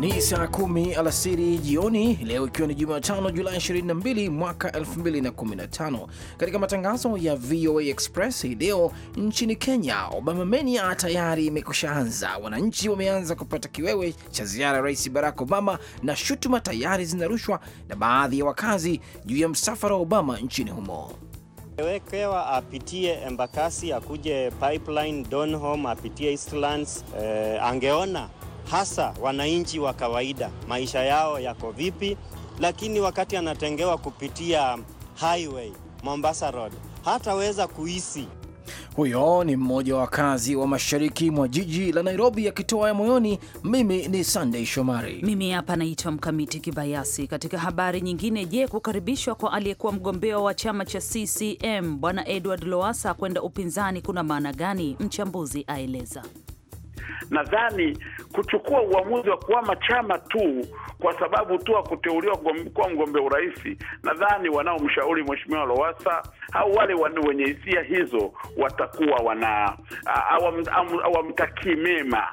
Ni saa kumi alasiri jioni leo, ikiwa ni Jumatano Julai 22 mwaka 2015. Katika matangazo ya VOA Express hii leo, nchini Kenya, Obama mania tayari imekushaanza. Wananchi wameanza kupata kiwewe cha ziara ya Rais Barack Obama, na shutuma tayari zinarushwa na baadhi ya wakazi juu ya msafara wa Obama nchini humo wekewa apitie Embakasi, akuje Pipeline, Donholm, apitie Eastlands, eh, angeona hasa wananchi wa kawaida, maisha yao yako vipi? Lakini wakati anatengewa kupitia highway Mombasa Road hataweza kuhisi. Huyo ni mmoja wa wakazi wa mashariki mwa jiji la Nairobi akitoa ya moyoni. Mimi ni Sunday Shomari, mimi hapa naitwa Mkamiti Kibayasi. Katika habari nyingine, je, kukaribishwa kwa aliyekuwa mgombea wa chama cha CCM Bwana Edward Lowasa kwenda upinzani kuna maana gani? Mchambuzi aeleza. Nadhani kuchukua uamuzi wa kuhama chama tu kwa sababu tu hakuteuliwa kuwa mgombea urais, nadhani wanaomshauri Mheshimiwa Lowassa au wale wenye hisia hizo watakuwa wana hawamtakii mema.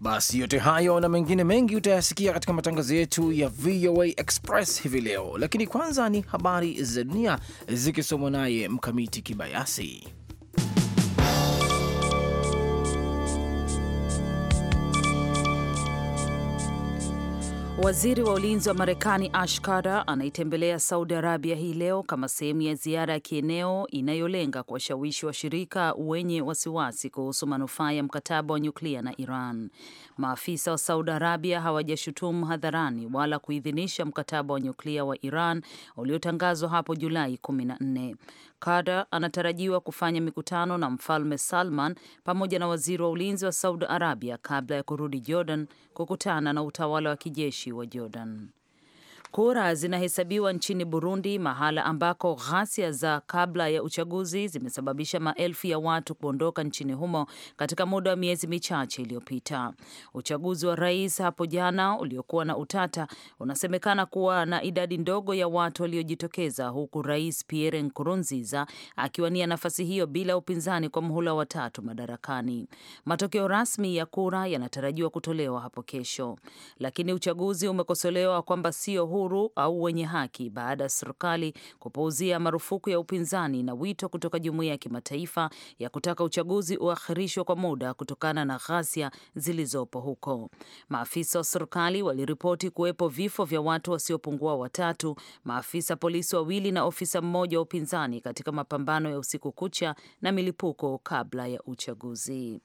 Basi yote hayo na mengine mengi utayasikia katika matangazo yetu ya VOA Express hivi leo, lakini kwanza ni habari za dunia zikisomwa naye Mkamiti Kibayasi. Waziri wa ulinzi wa Marekani Ash Carter anaitembelea Saudi Arabia hii leo kama sehemu ya ziara ya kieneo inayolenga kuwashawishi washirika wenye wasiwasi kuhusu manufaa ya mkataba wa nyuklia na Iran. Maafisa wa Saudi Arabia hawajashutumu hadharani wala kuidhinisha mkataba wa nyuklia wa Iran uliotangazwa hapo Julai 14 kada anatarajiwa kufanya mikutano na Mfalme Salman pamoja na waziri wa ulinzi wa Saudi Arabia kabla ya kurudi Jordan kukutana na utawala wa kijeshi wa Jordan. Kura zinahesabiwa nchini Burundi, mahala ambako ghasia za kabla ya uchaguzi zimesababisha maelfu ya watu kuondoka nchini humo katika muda wa miezi michache iliyopita. Uchaguzi wa rais hapo jana uliokuwa na utata unasemekana kuwa na idadi ndogo ya watu waliojitokeza, huku Rais Pierre Nkurunziza akiwania nafasi hiyo bila upinzani kwa muhula wa tatu madarakani. Matokeo rasmi ya kura yanatarajiwa kutolewa hapo kesho, lakini uchaguzi umekosolewa kwamba sio huru huru au wenye haki baada ya serikali kupuuzia marufuku ya upinzani na wito kutoka jumuiya ya kimataifa ya kutaka uchaguzi uakhirishwe kwa muda kutokana na ghasia zilizopo huko. Maafisa wa serikali waliripoti kuwepo vifo vya watu wasiopungua watatu, maafisa polisi wawili na ofisa mmoja wa upinzani katika mapambano ya usiku kucha na milipuko kabla ya uchaguzi.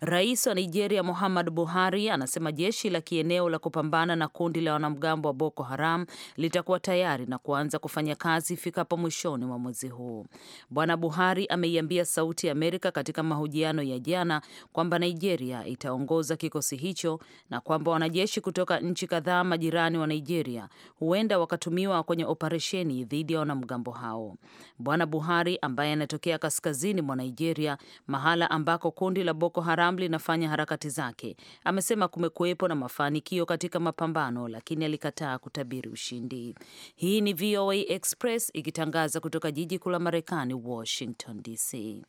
Rais wa Nigeria Muhammad Buhari anasema jeshi la kieneo la kupambana na kundi la wanamgambo wa Boko Haram Salaam litakuwa tayari na kuanza kufanya kazi ifikapo mwishoni mwa mwezi huu. Bwana Buhari ameiambia Sauti ya Amerika katika mahojiano ya jana kwamba Nigeria itaongoza kikosi hicho na kwamba wanajeshi kutoka nchi kadhaa majirani wa Nigeria huenda wakatumiwa kwenye operesheni dhidi ya wanamgambo hao. Bwana Buhari ambaye anatokea kaskazini mwa Nigeria, mahala ambako kundi la Boko Haram linafanya harakati zake, amesema kumekuwepo na mafanikio katika mapambano, lakini alikataa kutabiri kusubiri ushindi. Hii ni VOA Express ikitangaza kutoka jiji kuu la Marekani, Washington DC.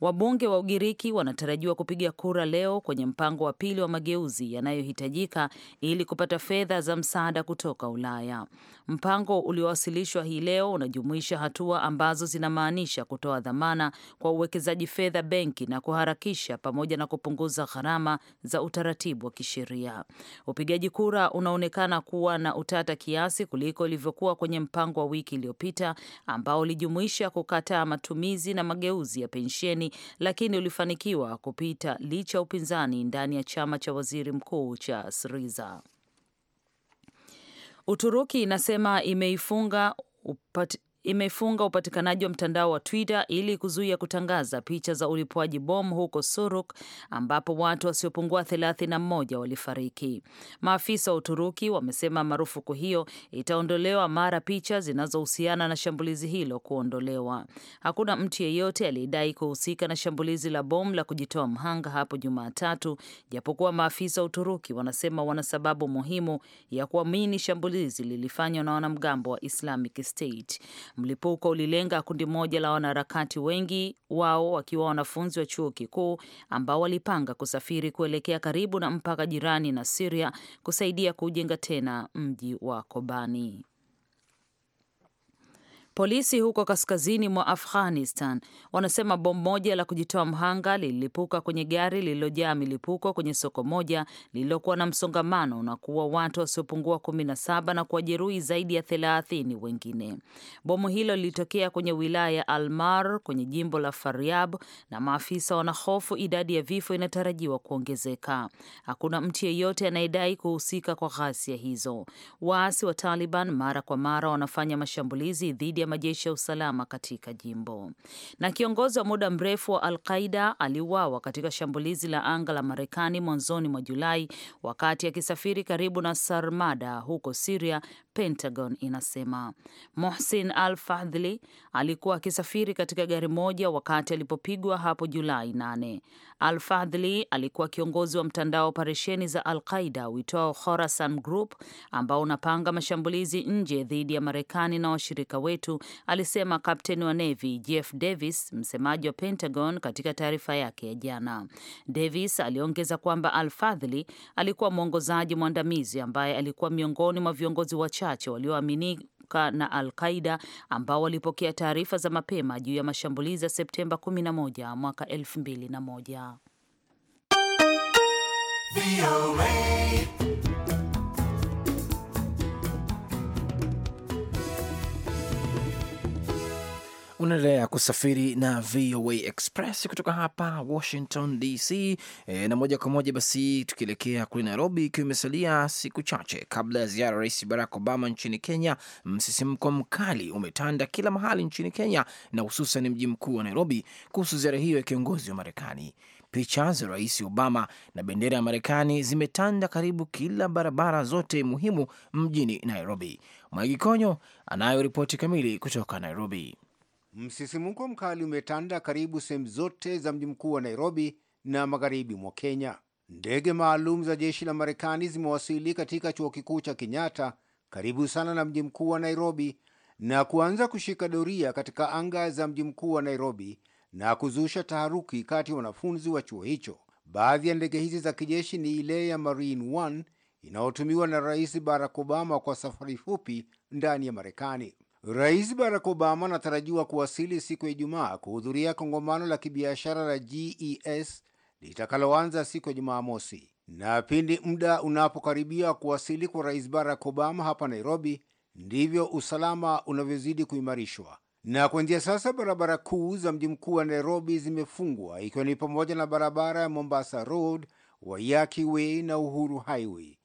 Wabunge wa Ugiriki wanatarajiwa kupiga kura leo kwenye mpango wa pili wa mageuzi yanayohitajika ili kupata fedha za msaada kutoka Ulaya. Mpango uliowasilishwa hii leo unajumuisha hatua ambazo zinamaanisha kutoa dhamana kwa uwekezaji fedha benki na kuharakisha pamoja na kupunguza gharama za utaratibu wa kisheria. Upigaji kura unaonekana kuwa na utata kiasi kuliko ilivyokuwa kwenye mpango wa wiki iliyopita ambao ulijumuisha kukataa matumizi na mageuzi ya pensheni upinzani, lakini ulifanikiwa kupita licha ya upinzani ndani ya chama cha waziri mkuu cha Syriza. Uturuki inasema imeifunga upati imefunga upatikanaji wa mtandao wa Twitter ili kuzuia kutangaza picha za ulipuaji bomu huko Suruk ambapo watu wasiopungua thelathini na mmoja walifariki. Maafisa wa Uturuki wamesema marufuku hiyo itaondolewa mara picha zinazohusiana na shambulizi hilo kuondolewa. Hakuna mtu yeyote aliyedai kuhusika na shambulizi la bomu la kujitoa mhanga hapo Jumatatu, japokuwa maafisa wa Uturuki wanasema wana sababu muhimu ya kuamini shambulizi lilifanywa na wanamgambo wa Islamic State. Mlipuko ulilenga kundi moja la wanaharakati, wengi wao wakiwa wanafunzi wa chuo kikuu ambao walipanga kusafiri kuelekea karibu na mpaka jirani na siria kusaidia kujenga tena mji wa Kobani. Polisi huko kaskazini mwa Afghanistan wanasema bomu moja la kujitoa mhanga lililipuka kwenye gari lililojaa milipuko kwenye soko moja lililokuwa na msongamano na kuua watu wasiopungua kumi na saba na kuwajeruhi zaidi ya thelathini wengine. Bomu hilo lilitokea kwenye wilaya ya Almar kwenye jimbo la Faryab na maafisa wanahofu idadi ya vifo inatarajiwa kuongezeka. Hakuna mtu yeyote anayedai kuhusika kwa ghasia hizo. Waasi wa Taliban mara kwa mara wanafanya mashambulizi dhidi ya majeshi ya usalama katika jimbo. Na kiongozi wa muda mrefu wa alqaida aliuawa katika shambulizi la anga la Marekani mwanzoni mwa Julai wakati akisafiri karibu na Sarmada huko Siria, Pentagon inasema. Mohsin Al-Fadhli alikuwa akisafiri katika gari moja wakati alipopigwa hapo Julai 8. Al-Fadhli alikuwa kiongozi wa mtandao wa operesheni za Al-Qaida uitwao Khorasan Group ambao unapanga mashambulizi nje dhidi ya Marekani na washirika wetu, alisema kapteni wa Navy Jeff Davis, msemaji wa Pentagon katika taarifa yake ya jana. Davis aliongeza kwamba Al-Fadhli alikuwa mwongozaji mwandamizi ambaye alikuwa miongoni mwa viongozi wa wachache walioaminika na Al Qaida ambao walipokea taarifa za mapema juu ya mashambulizi ya Septemba 11 mwaka 2001. unaendelea kusafiri na VOA Express kutoka hapa Washington DC. E, na moja kwa moja basi tukielekea kule Nairobi, ikiwa imesalia siku chache kabla ya ziara ya Rais Barack Obama nchini Kenya, msisimko mkali umetanda kila mahali nchini Kenya na hususan mji mkuu wa Nairobi kuhusu ziara hiyo ya kiongozi wa Marekani. Picha za Rais Obama na bendera ya Marekani zimetanda karibu kila barabara zote muhimu mjini Nairobi. Mwagi Konyo anayo ripoti kamili kutoka Nairobi. Msisimko mkali umetanda karibu sehemu zote za mji mkuu wa Nairobi na magharibi mwa Kenya. Ndege maalum za jeshi la Marekani zimewasili katika chuo kikuu cha Kenyatta karibu sana na mji mkuu wa Nairobi na kuanza kushika doria katika anga za mji mkuu wa Nairobi na kuzusha taharuki kati ya wanafunzi wa chuo hicho. Baadhi ya ndege hizi za kijeshi ni ile ya Marine One inayotumiwa na Rais Barack Obama kwa safari fupi ndani ya Marekani. Rais Barack Obama anatarajiwa kuwasili siku ya Ijumaa kuhudhuria kongamano la kibiashara la GES litakaloanza siku ya Jumamosi, na pindi muda unapokaribia kuwasili kwa Rais Barack Obama hapa Nairobi, ndivyo usalama unavyozidi kuimarishwa. Na kuanzia sasa barabara kuu za mji mkuu wa Nairobi zimefungwa ikiwa ni pamoja na barabara ya Mombasa Road, Waiyaki Way na Uhuru Highway.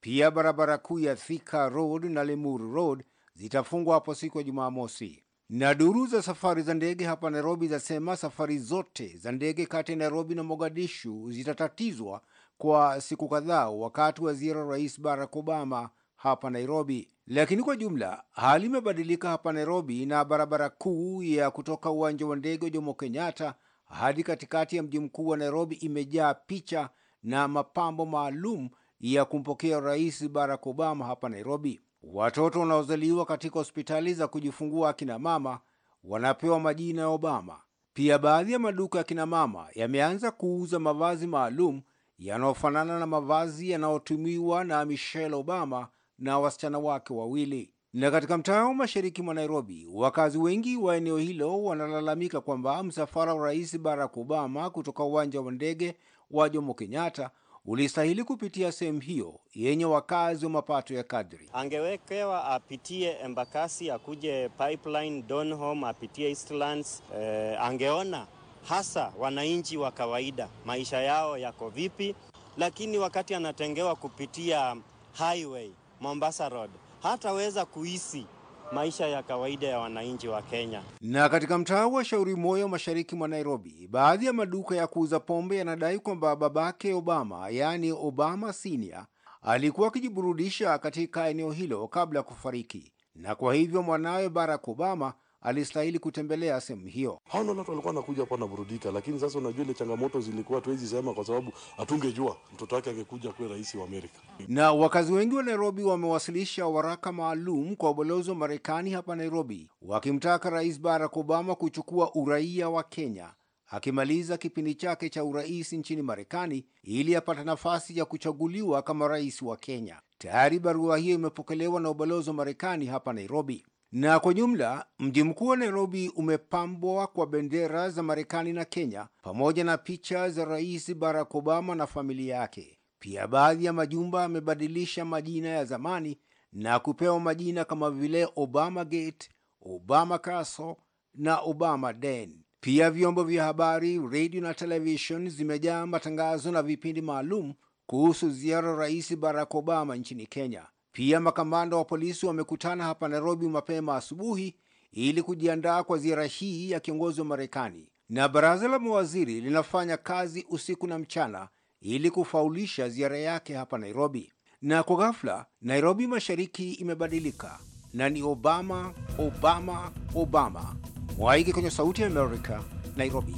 Pia barabara kuu ya Thika Road na Limuru Road zitafungwa hapo siku ya Jumamosi. Na duru za safari za ndege hapa Nairobi zasema safari zote za ndege kati ya Nairobi na Mogadishu zitatatizwa kwa siku kadhaa wakati wa ziara Rais Barack Obama hapa Nairobi. Lakini kwa jumla hali imebadilika hapa Nairobi, na barabara kuu ya kutoka uwanja wa ndege wa Jomo Kenyatta hadi katikati ya mji mkuu wa Nairobi imejaa picha na mapambo maalum ya kumpokea Rais Barack Obama hapa Nairobi. Watoto wanaozaliwa katika hospitali za kujifungua akina mama wanapewa majina ya Obama. Pia baadhi ya maduka ya kina mama yameanza kuuza mavazi maalum yanayofanana na mavazi yanayotumiwa na Michelle Obama na wasichana wake wawili. Na katika mtaa wa mashariki mwa Nairobi, wakazi wengi wa eneo hilo wanalalamika kwamba msafara wa Rais Barack Obama kutoka uwanja wa ndege wa Jomo Kenyatta ulistahili kupitia sehemu hiyo yenye wakazi wa mapato ya kadri. Angewekewa apitie Embakasi, akuje Pipeline, Donholm, apitie Eastlands. Eh, angeona hasa wananchi wa kawaida maisha yao yako vipi, lakini wakati anatengewa kupitia highway Mombasa Road hataweza kuhisi maisha ya kawaida ya wananchi wa Kenya. Na katika mtaa wa Shauri Moyo, mashariki mwa Nairobi, baadhi ya maduka ya kuuza pombe yanadai kwamba babake Obama, yaani Obama Senior, alikuwa akijiburudisha katika eneo hilo kabla ya kufariki, na kwa hivyo mwanawe Barack Obama alistahili kutembelea sehemu hiyo. Haona watu walikuwa wanakuja hapa wanaburudika, lakini sasa unajua ile changamoto zilikuwa tuwezi sema, kwa sababu hatungejua mtoto wake angekuja kuwa rais wa Amerika. Na wakazi wengi wa Nairobi wamewasilisha waraka maalum kwa ubalozi wa Marekani hapa Nairobi, wakimtaka Rais Barack Obama kuchukua uraia wa Kenya akimaliza kipindi chake cha urais nchini Marekani ili apate nafasi ya kuchaguliwa kama rais wa Kenya. Tayari barua hiyo imepokelewa na ubalozi wa Marekani hapa Nairobi. Na kwa jumla mji mkuu wa Nairobi umepambwa kwa bendera za Marekani na Kenya pamoja na picha za Rais Barack Obama na familia yake. Pia baadhi ya majumba yamebadilisha majina ya zamani na kupewa majina kama vile Obama Gate, Obama Castle na Obama Den. Pia vyombo vya habari, redio na television zimejaa matangazo na vipindi maalum kuhusu ziara Rais Barack Obama nchini Kenya. Pia makamanda wa polisi wamekutana hapa Nairobi mapema asubuhi ili kujiandaa kwa ziara hii ya kiongozi wa Marekani, na baraza la mawaziri linafanya kazi usiku na mchana ili kufaulisha ziara yake hapa Nairobi. Na kwa ghafla, Nairobi mashariki imebadilika na ni Obama, Obama, Obama. Mwaige kwenye Sauti ya Amerika, Nairobi.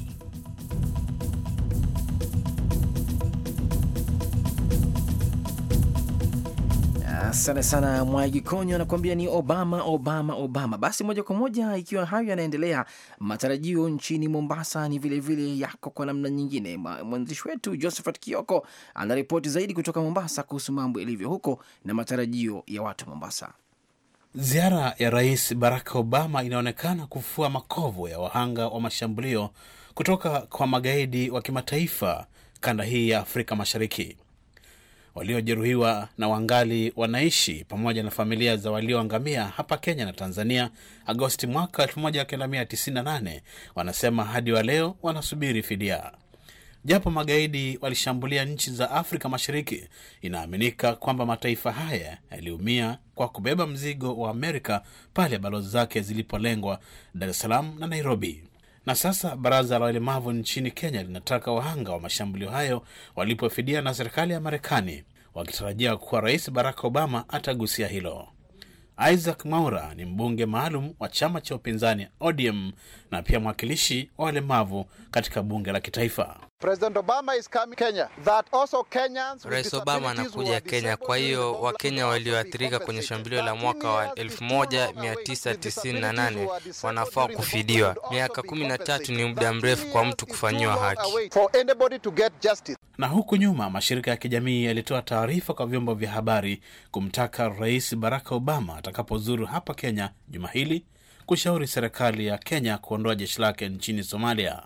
Asante sana konyo anakuambia ni Obama, Obama, Obama. Basi moja kwa moja, ikiwa hayo yanaendelea, matarajio nchini Mombasa ni vilevile vile yako kwa namna nyingine. Mwandishi wetu Josephat Kioko anaripoti zaidi kutoka Mombasa kuhusu mambo yalivyo huko na matarajio ya watu Mombasa. Ziara ya Rais Barack Obama inaonekana kufua makovu ya wahanga wa mashambulio kutoka kwa magaidi wa kimataifa kanda hii ya Afrika Mashariki waliojeruhiwa na wangali wanaishi pamoja na familia za walioangamia hapa Kenya na Tanzania Agosti mwaka 1998 wanasema hadi wa leo wanasubiri fidia. Japo magaidi walishambulia nchi za Afrika Mashariki, inaaminika kwamba mataifa haya yaliumia kwa kubeba mzigo wa Amerika pale balozi zake zilipolengwa Dar es Salaam na Nairobi. Na sasa baraza la walemavu nchini Kenya linataka wahanga wa mashambulio hayo walipofidia na serikali ya Marekani, wakitarajia kuwa Rais Barack Obama atagusia hilo. Isaac Maura ni mbunge maalum wa chama cha upinzani ODM na pia mwakilishi wa walemavu katika bunge la kitaifa. President Obama is coming Kenya. That also Kenyans Rais Obama anakuja Kenya, kwa hiyo Wakenya walioathirika kwenye shambulio la mwaka wa 1998 wanafaa kufidiwa. Miaka 13 ni muda mrefu kwa mtu kufanyiwa haki. Na huku nyuma mashirika ya kijamii yalitoa taarifa kwa vyombo vya habari kumtaka Rais Barack Obama atakapozuru hapa Kenya juma hili kushauri serikali ya Kenya kuondoa jeshi lake nchini Somalia.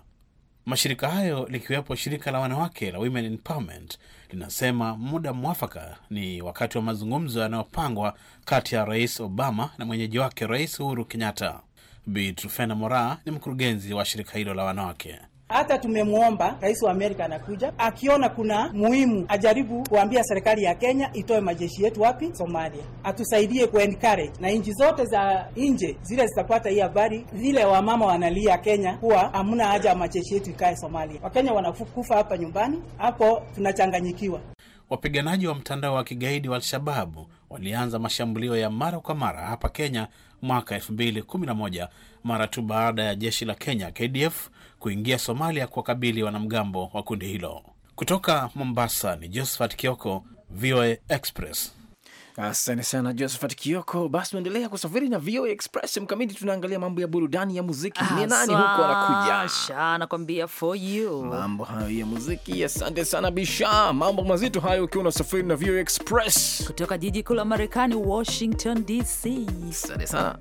Mashirika hayo likiwepo shirika la wanawake la Women Empowerment linasema muda mwafaka ni wakati wa mazungumzo yanayopangwa kati ya Rais Obama na mwenyeji wake Rais Uhuru Kenyatta. Bi Trufena Mora ni mkurugenzi wa shirika hilo la wanawake. Hata tumemwomba rais wa Amerika anakuja, akiona kuna muhimu ajaribu kuambia serikali ya Kenya itoe majeshi yetu wapi Somalia, atusaidie ku encourage na nchi zote za nje zile zitapata hii habari, vile wamama wanalia Kenya kuwa hamna haja ya majeshi yetu ikae Somalia, Wakenya wanakufa hapa nyumbani. Hapo tunachanganyikiwa. Wapiganaji wa mtandao wa kigaidi wa Al-Shababu walianza mashambulio ya mara kwa mara hapa Kenya mwaka 2011 mara tu baada ya jeshi la Kenya KDF kuingia Somalia kuwakabili wanamgambo wa kundi hilo. Kutoka Mombasa ni Josephat Kioko, VOA Express. Asante sana Josephat Kioko. Basi unaendelea kusafiri na VOA Express. Mkamiti, tunaangalia mambo ya burudani ya muziki. Ni nani huko anakuja? anakwambia for you, mambo hayo ya muziki. Asante sana Bisha, mambo mazito hayo ukiwa unasafiri na VOA Express kutoka jiji kuu la Marekani, Washington DC. Asante sana.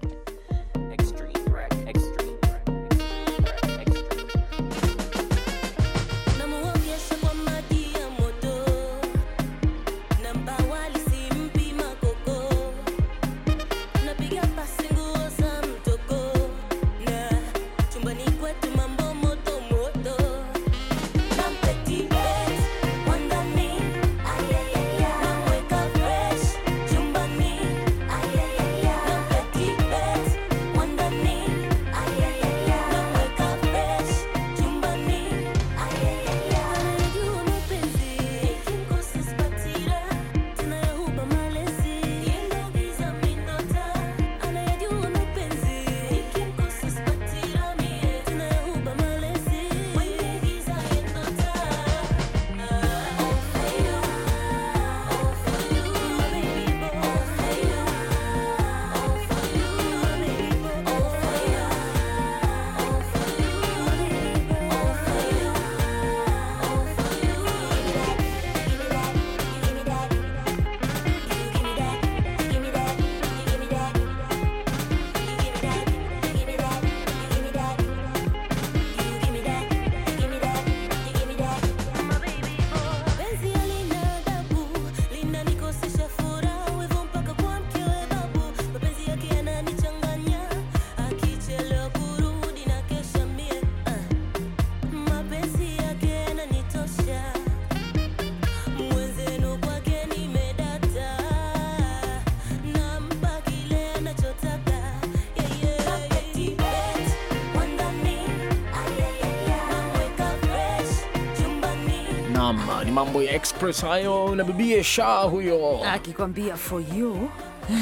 mambo ya express hayo na bibie Sha huyo akikwambia for you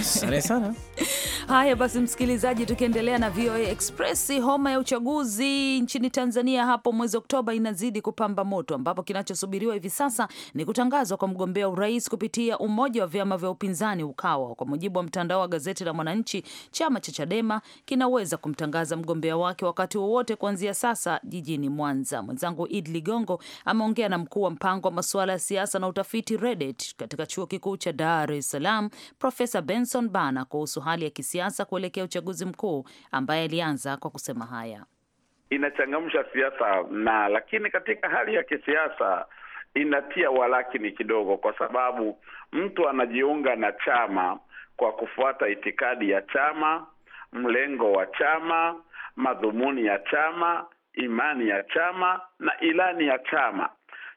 Asante sana. Haya basi, msikilizaji, tukiendelea na VOA Express, homa ya uchaguzi nchini Tanzania hapo mwezi Oktoba inazidi kupamba moto, ambapo kinachosubiriwa hivi sasa ni kutangazwa kwa mgombea urais kupitia umoja wa vyama vya upinzani Ukawa. Kwa mujibu wa mtandao wa gazeti la Mwananchi, chama cha Chadema kinaweza kumtangaza mgombea wake wakati wowote kuanzia sasa jijini Mwanza. Mwenzangu Id Ligongo ameongea na mkuu wa mpango wa masuala ya siasa na utafiti REDET katika chuo kikuu cha Dar es Salaam, Profesa Benson Bana kuhusu hali ya kisiasa kuelekea uchaguzi mkuu, ambaye alianza kwa kusema haya: inachangamsha siasa na lakini katika hali ya kisiasa inatia walakini kidogo, kwa sababu mtu anajiunga na chama kwa kufuata itikadi ya chama, mlengo wa chama, madhumuni ya chama, imani ya chama na ilani ya chama.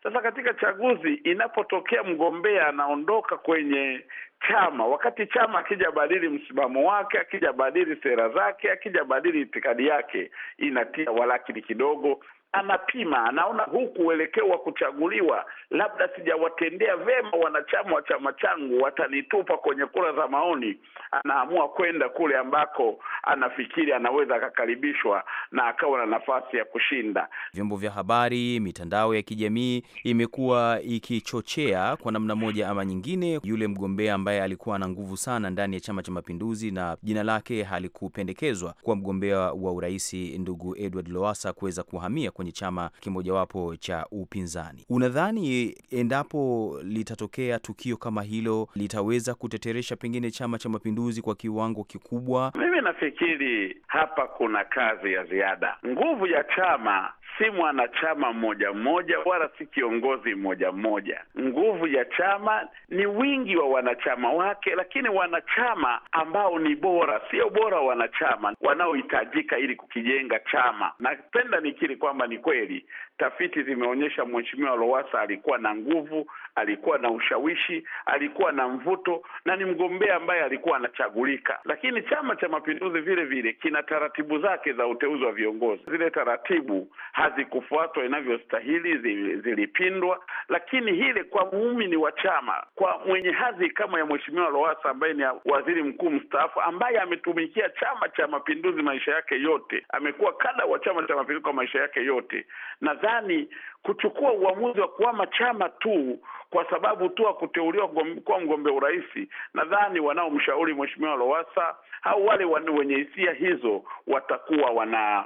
Sasa katika chaguzi inapotokea mgombea anaondoka kwenye chama, wakati chama akijabadili msimamo wake, akijabadili sera zake, akijabadili itikadi yake, inatia walakini kidogo anapima anaona, huku uelekeo wa kuchaguliwa, labda sijawatendea vema wanachama wa chama changu, watanitupa kwenye kura za maoni. Anaamua kwenda kule ambako anafikiri anaweza akakaribishwa na akawa na nafasi ya kushinda. Vyombo vya habari, mitandao ya kijamii imekuwa ikichochea kwa namna moja ama nyingine yule mgombea ambaye alikuwa na nguvu sana ndani ya Chama cha Mapinduzi na jina lake halikupendekezwa kuwa mgombea wa urais, ndugu Edward Lowassa kuweza kuhamia kwenye chama kimojawapo cha upinzani. Unadhani endapo litatokea tukio kama hilo litaweza kuteteresha pengine Chama cha Mapinduzi kwa kiwango kikubwa? Mimi nafikiri hapa kuna kazi ya ziada. Nguvu ya chama si mwanachama mmoja mmoja wala si kiongozi mmoja mmoja. Nguvu ya chama ni wingi wa wanachama wake, lakini wanachama ambao ni bora, sio bora wanachama wanaohitajika ili kukijenga chama. Napenda nikiri kwamba ni kweli tafiti zimeonyesha Mheshimiwa Lowassa alikuwa na nguvu, alikuwa na ushawishi, alikuwa na mvuto na ni mgombea ambaye alikuwa anachagulika. Lakini Chama cha Mapinduzi vile vile kina taratibu zake za uteuzi wa viongozi, zile taratibu ha hazikufuatwa inavyostahili, zilipindwa. Lakini hile kwa muumini wa chama, kwa mwenye hadhi kama ya Mheshimiwa Lowassa ambaye ni waziri mkuu mstaafu, ambaye ametumikia Chama cha Mapinduzi maisha yake yote, amekuwa kada wa Chama cha Mapinduzi kwa maisha yake yote, nadhani kuchukua uamuzi wa kuhama chama tu kwa sababu tu akuteuliwa kuwa mgombea urais. Nadhani wanaomshauri mheshimiwa Lowassa au wale wenye hisia hizo watakuwa wana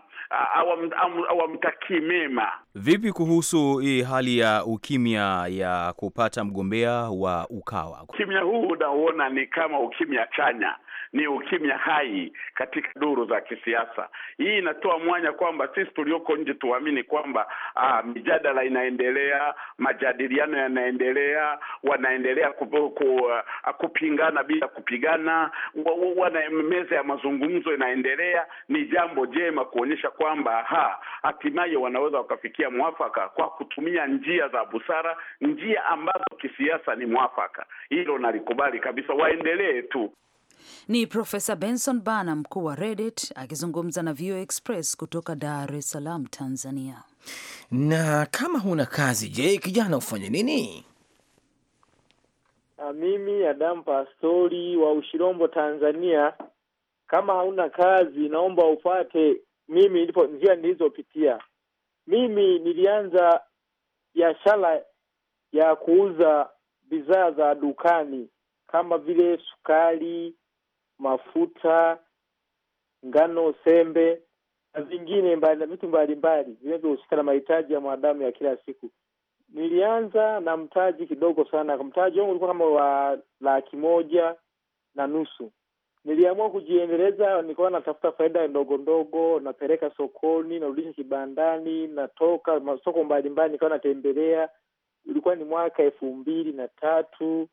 hawamtakii mema. Vipi kuhusu hii hali ya ukimya ya kupata mgombea wa Ukawa? Ukimya huu unauona ni kama ukimya chanya, ni ukimya hai katika duru za kisiasa. Hii inatoa mwanya kwamba sisi tulioko nje tuamini kwamba mijadala inaendelea, majadiliano yanaendelea wanaendelea wanaendelea kupu, ku, uh, kupingana bila kupigana, wana meza ya mazungumzo inaendelea. Ni jambo jema kuonyesha kwamba ha hatimaye wanaweza wakafikia mwafaka kwa kutumia njia za busara, njia ambazo kisiasa ni mwafaka. Hilo nalikubali kabisa, waendelee tu. Ni Profesa Benson Bana, mkuu wa REDIT, akizungumza na VOA Express kutoka Dar es Salaam, Tanzania. Na kama huna kazi, je, kijana ufanye nini? Ah, mimi Adam Pastori wa Ushirombo, Tanzania. Kama hauna kazi, naomba upate. Mimi ndipo njia nilizopitia, mimi nilianza biashara ya kuuza bidhaa za dukani kama vile sukari, mafuta, ngano, sembe na vingine mbali, vitu mbalimbali vinavyohusika na mahitaji ya mwanadamu ya kila siku. Nilianza na mtaji kidogo sana, mtaji wangu ulikuwa kama wa laki moja na nusu. Niliamua kujiendeleza, nikawa natafuta faida ndogo ndogo, napeleka sokoni, narudisha kibandani, natoka masoko mbalimbali, nikawa natembelea. Ulikuwa ni mwaka elfu mbili na tatu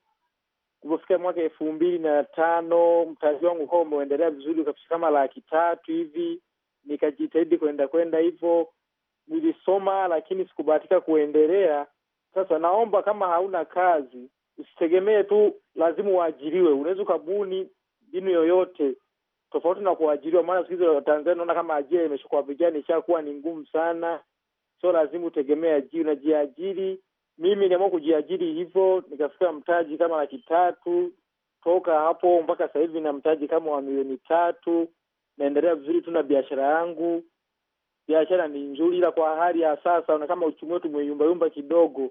kupofika mwaka elfu mbili na tano mtaji wangu ukawa umeendelea vizuri, ukafika kama laki tatu hivi. Nikajitahidi kwenda kwenda hivyo nilisoma lakini sikubahatika kuendelea. Sasa naomba kama hauna kazi, usitegemee tu lazima uajiriwe. Unaweza ukabuni mbinu yoyote tofauti na kuajiriwa, maana siku hizi Tanzania naona kama ajira imeshuka vijana, ishakuwa ni ngumu sana. Sio lazima utegemee ajira, unajiajiri. Mimi niamua kujiajiri hivyo, nikafika mtaji kama laki tatu. Toka hapo mpaka sasa hivi na mtaji kama wa milioni tatu, naendelea vizuri tu na biashara yangu biashara ni nzuri, ila kwa hali ya sasa na kama uchumi wetu umeyumbayumba kidogo,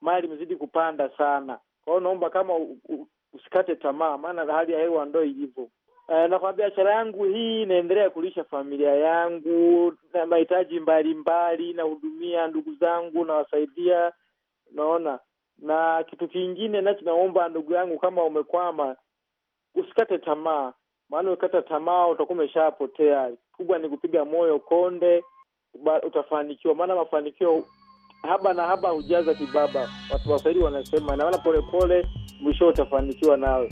mali imezidi kupanda sana. Kwa hiyo naomba kama u, u, usikate tamaa, maana hali ya hewa ndo ilivyo. Uh, na kwa biashara yangu hii inaendelea kulisha familia yangu na mahitaji mbalimbali, nahudumia ndugu zangu, nawasaidia, naona. Na kitu kingine nacho, naomba ndugu yangu, kama umekwama usikate tamaa, maana ukata tamaa utakuwa umeshapotea kubwa ni kupiga moyo konde, utafanikiwa. Maana mafanikio haba na haba hujaza kibaba, watu waswahili wanasema, na maana polepole, mwisho utafanikiwa nawe.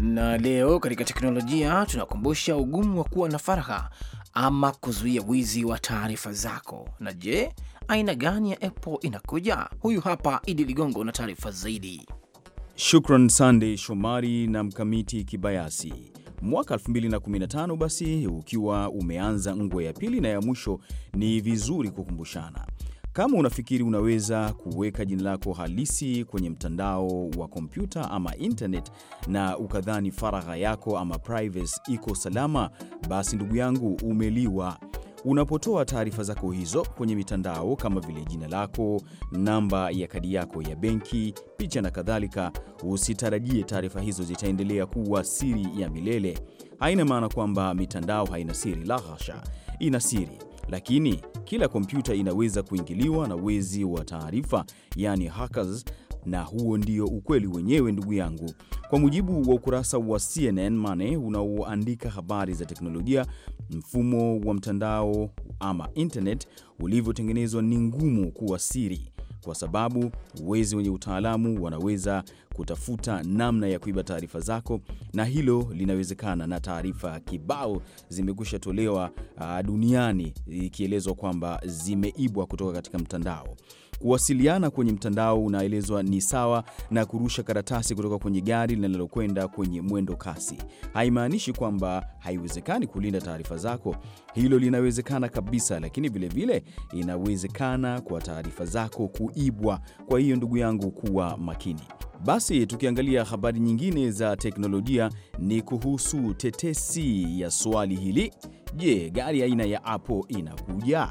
Na leo katika teknolojia tunakumbusha ugumu wa kuwa na faragha ama kuzuia wizi wa taarifa zako. Na je, aina gani ya Apple inakuja? Huyu hapa Idi Ligongo na taarifa zaidi. Shukran Sandey Shomari na Mkamiti Kibayasi. Mwaka 2015 basi ukiwa umeanza ngwe ya pili na ya mwisho, ni vizuri kukumbushana. Kama unafikiri unaweza kuweka jina lako halisi kwenye mtandao wa kompyuta ama internet na ukadhani faragha yako ama privacy iko salama, basi ndugu yangu, umeliwa. Unapotoa taarifa zako hizo kwenye mitandao kama vile jina lako, namba ya kadi yako ya benki, picha na kadhalika, usitarajie taarifa hizo zitaendelea kuwa siri ya milele. Haina maana kwamba mitandao haina siri, la hasha, ina siri, lakini kila kompyuta inaweza kuingiliwa na wezi wa taarifa, yani hackers, na huo ndio ukweli wenyewe, ndugu yangu. Kwa mujibu wa ukurasa wa CNN Money unaoandika habari za teknolojia, mfumo wa mtandao ama internet ulivyotengenezwa ni ngumu kuwa siri kwa sababu wezi wenye utaalamu wanaweza kutafuta namna ya kuiba taarifa zako, na hilo linawezekana, na taarifa kibao zimekwisha tolewa ah, duniani ikielezwa kwamba zimeibwa kutoka katika mtandao. Kuwasiliana kwenye mtandao unaelezwa ni sawa na kurusha karatasi kutoka kwenye gari linalokwenda kwenye mwendo kasi. Haimaanishi kwamba haiwezekani kulinda taarifa zako, hilo linawezekana kabisa, lakini vilevile inawezekana kwa taarifa zako kuibwa. Kwa hiyo ndugu yangu, kuwa makini. Basi tukiangalia habari nyingine za teknolojia ni kuhusu tetesi ya swali hili: je, gari aina ya Apple inakuja?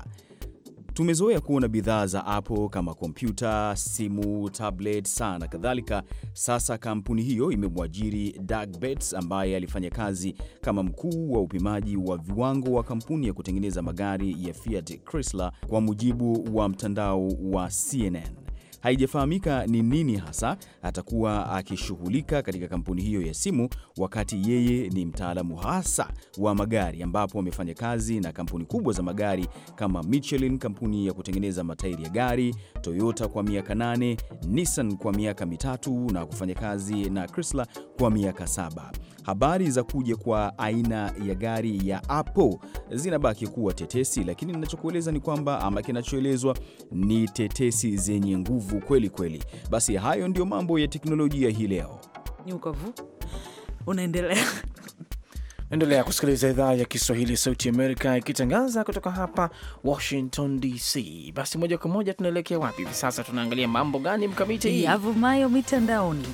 Tumezoea kuona bidhaa za Apple kama kompyuta, simu, tablet, saa na kadhalika. Sasa kampuni hiyo imemwajiri Doug ambaye alifanya kazi kama mkuu wa upimaji wa viwango wa kampuni ya kutengeneza magari ya Fiat Chrysler, kwa mujibu wa mtandao wa CNN. Haijafahamika ni nini hasa atakuwa akishughulika katika kampuni hiyo ya simu, wakati yeye ni mtaalamu hasa wa magari, ambapo amefanya kazi na kampuni kubwa za magari kama Michelin, kampuni ya kutengeneza matairi ya gari, Toyota kwa miaka 8, Nissan kwa miaka mitatu na kufanya kazi na Chrysler kwa miaka saba. Habari za kuja kwa aina ya gari ya Apple zinabaki kuwa tetesi, lakini ninachokueleza ni kwamba ama kinachoelezwa ni tetesi zenye nguvu kweli kweli. Basi hayo ndiyo mambo ya teknolojia hii leo. Ni ukavu unaendelea Endelea kusikiliza idhaa ya Kiswahili ya Sauti Amerika ikitangaza kutoka hapa Washington DC. Basi moja kwa moja tunaelekea wapi hivi sasa? Tunaangalia mambo gani mkamiti yavumayo mitandaoni.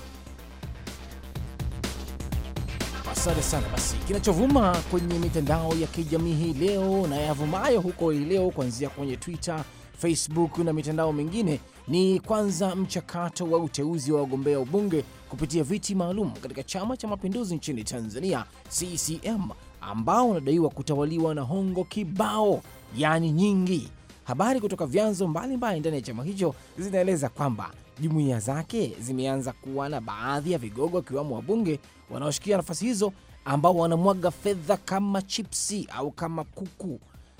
Asante sana. Basi kinachovuma kwenye mitandao ya kijamii hii leo na yavumayo huko hii leo, kuanzia kwenye Twitter, Facebook na mitandao mingine, ni kwanza mchakato wa uteuzi wa wagombea ubunge kupitia viti maalum katika Chama cha Mapinduzi nchini Tanzania, CCM, ambao unadaiwa kutawaliwa na hongo kibao, yaani nyingi. Habari kutoka vyanzo mbalimbali ndani ya chama hicho zinaeleza kwamba jumuiya zake zimeanza kuwa na baadhi ya vigogo wakiwemo wabunge wanaoshikia nafasi hizo ambao wanamwaga fedha kama chipsi au kama kuku.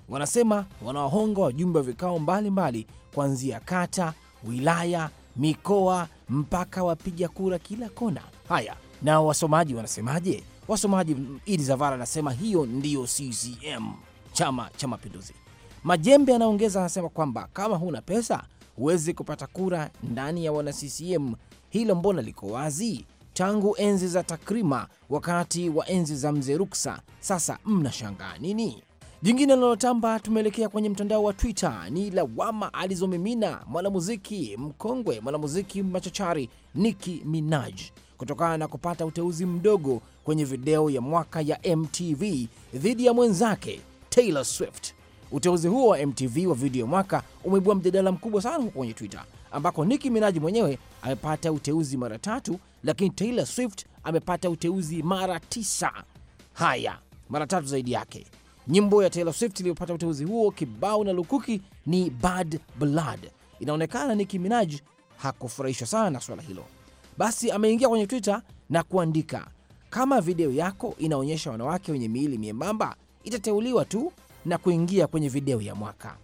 Wanasema wanawahonga wajumbe wa vikao mbalimbali kuanzia kata, wilaya mikoa mpaka wapiga kura kila kona. Haya, na wasomaji wanasemaje? Wasomaji, Idi Zavara anasema hiyo ndiyo CCM, Chama cha Mapinduzi. Majembe anaongeza anasema kwamba kama huna pesa huwezi kupata kura ndani ya wana CCM. Hilo mbona liko wazi tangu enzi za takrima, wakati wa enzi za mzee Ruksa. Sasa mnashangaa nini? Jingine linalotamba tumeelekea kwenye mtandao wa Twitter ni lawama alizomimina mwanamuziki mkongwe, mwanamuziki machachari Nicki Minaj kutokana na kupata uteuzi mdogo kwenye video ya mwaka ya MTV dhidi ya mwenzake Taylor Swift. Uteuzi huo wa MTV wa video ya mwaka umeibua mjadala mkubwa sana huko kwenye Twitter ambako Nicki Minaj mwenyewe amepata uteuzi mara tatu, lakini Taylor Swift amepata uteuzi mara tisa. Haya, mara tatu zaidi yake. Nyimbo ya Taylor Swift iliyopata uteuzi huo kibao na lukuki ni Bad Blood. Inaonekana Nicki Minaj hakufurahishwa sana na swala hilo, basi ameingia kwenye Twitter na kuandika, kama video yako inaonyesha wanawake wenye miili miembamba itateuliwa tu na kuingia kwenye video ya mwaka.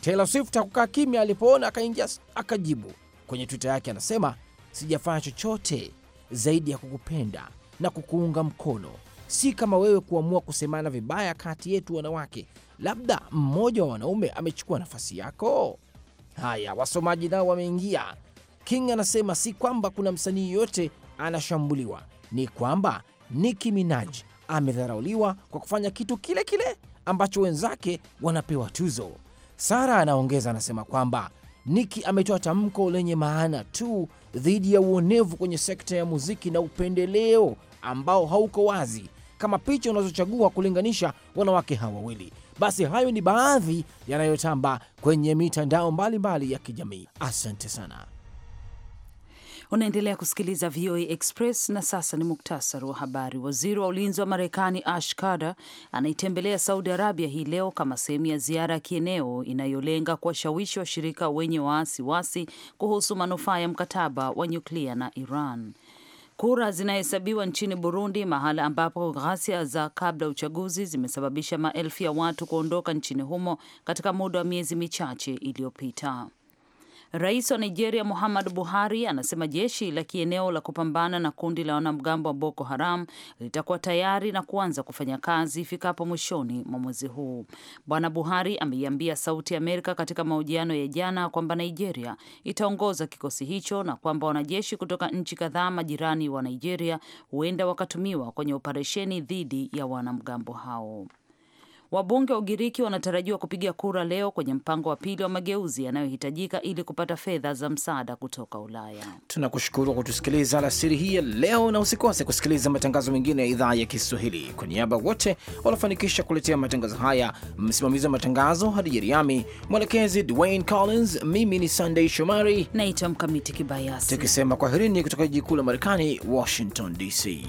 Taylor Swift hakukaa kimya alipoona, akaingia akajibu kwenye Twitter yake, anasema sijafanya chochote zaidi ya kukupenda na kukuunga mkono si kama wewe kuamua kusemana vibaya kati yetu wanawake, labda mmoja wa wanaume amechukua nafasi yako. Haya, wasomaji nao wameingia. King anasema si kwamba kuna msanii yoyote anashambuliwa, ni kwamba Nicki Minaj amedharauliwa kwa kufanya kitu kile kile ambacho wenzake wanapewa tuzo. Sara anaongeza, anasema kwamba Nicki ametoa tamko lenye maana tu dhidi ya uonevu kwenye sekta ya muziki na upendeleo ambao hauko wazi kama picha unazochagua kulinganisha wanawake hawa wawili. Basi hayo ni baadhi yanayotamba kwenye mitandao mbalimbali ya kijamii. Asante sana. Unaendelea kusikiliza VOA Express na sasa ni muktasari wa habari. Waziri wa ulinzi wa Marekani Ash Carter anaitembelea Saudi Arabia hii leo kama sehemu ya ziara ya kieneo inayolenga kuwashawishi washirika wenye waasi wasi kuhusu manufaa ya mkataba wa nyuklia na Iran. Kura zinahesabiwa nchini Burundi, mahala ambapo ghasia za kabla uchaguzi zimesababisha maelfu ya watu kuondoka nchini humo katika muda wa miezi michache iliyopita. Rais wa Nigeria Muhammad Buhari anasema jeshi la kieneo la kupambana na kundi la wanamgambo wa Boko Haram litakuwa tayari na kuanza kufanya kazi ifikapo mwishoni mwa mwezi huu. Bwana Buhari ameiambia Sauti Amerika katika mahojiano ya jana kwamba Nigeria itaongoza kikosi hicho na kwamba wanajeshi kutoka nchi kadhaa majirani wa Nigeria huenda wakatumiwa kwenye operesheni dhidi ya wanamgambo hao. Wabunge wa Ugiriki wanatarajiwa kupiga kura leo kwenye mpango wa pili wa mageuzi yanayohitajika ili kupata fedha za msaada kutoka Ulaya. Tunakushukuru kwa kutusikiliza alasiri hii ya leo, na usikose kusikiliza matangazo mengine ya idhaa ya Kiswahili. Kwa niaba wote waliofanikisha kuletea matangazo haya, msimamizi wa matangazo hadi jeriami mwelekezi Dwayne Collins, mimi ni sandey Shomari naitwa Mkamiti Kibayasi, tukisema kwaherini kutoka jiji kuu la Marekani, Washington DC.